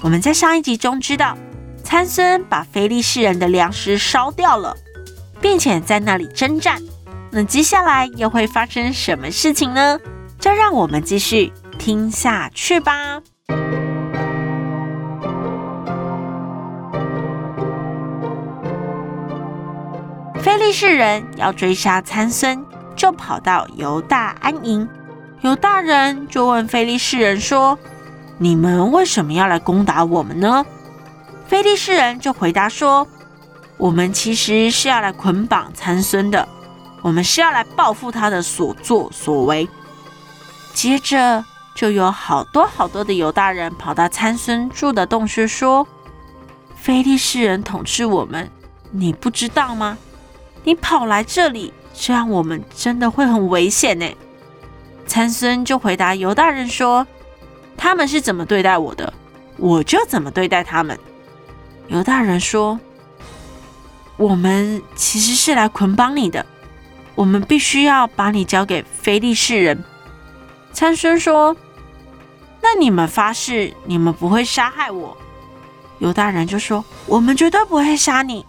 我們在上一集中知道，參孫把非利士人的糧食燒掉了，並且在那裡征戰。那接下來又會發生什麼事情呢？就讓我們繼續聽下去吧。非利士人要追殺參孫，就跑到猶大安營。猶大人就問非利士人說，你們為什麼要來攻打我們呢？非利士人就回答說：“我們其實是要來捆綁參孫的，我們是要來報復他的所作所為。”接着就有好多好多的猶大人跑到參孫住的洞穴，說：“非利士人統治我們，你不知道嗎？你跑來這裡，這樣我們真的會很危險呢。”參孫就回答猶大人說。他們是怎麼對待我的，我就怎麼對待他們。猶大人說：“我們其實是來捆綁你的，我們必須要把你交給非利士人。”參孫說：“那你們發誓你們不會殺害我？”猶大人就說：“我們絕對不會殺你，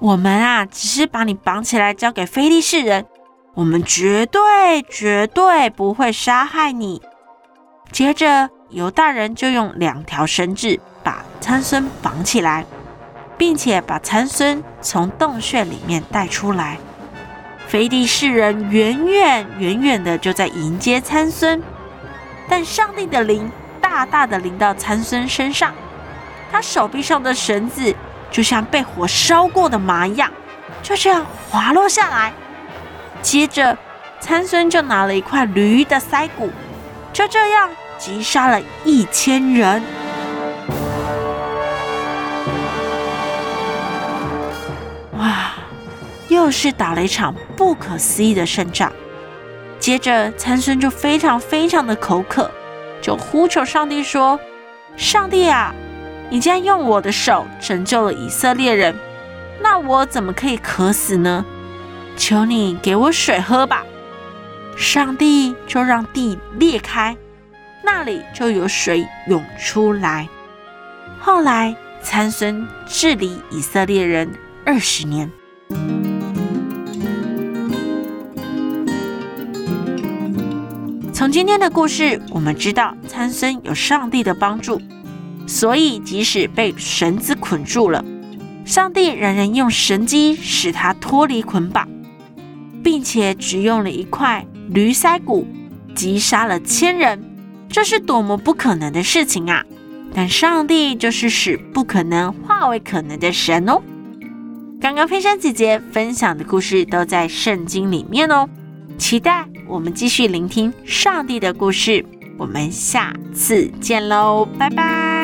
我們啊，只是把你綁起來交給非利士人，我們絕對絕對不會殺害你。”接着。猶大人就用兩條繩子把參孫綁起來，並且把參孫從洞穴裡面帶出來。非利士人遠遠遠遠的就在迎接參孫，但上帝的靈大大的臨到參孫身上，他手臂上的繩子就像被火燒過的麻一樣，就這樣滑落下來。接着，參孫就拿了一塊驢的腮骨，就這樣。擊殺了一千人，哇！又是打了一場不可思議的勝仗。接着，參孫就非常非常的口渴，就呼求上帝說：“上帝啊，你竟然用我的手拯救了以色列人，那我怎麼可以渴死呢？求你給我水喝吧！”上帝就讓地裂開。那裡就有水湧出來。後來參孫治理以色列人二十年。從今天的故事，我們知道參孫有上帝的幫助，所以即使被繩子捆住了，上帝仍然用神蹟使他脫離捆綁，並且只用了一塊驢腮骨，擊殺了千人。這是多麼不可能的事情啊！但上帝就是使不可能化為可能的神哦。剛剛佩珊姐姐分享的故事都在聖經裡面哦。期待我們繼續聆聽上帝的故事。我們下次見嘍，拜拜。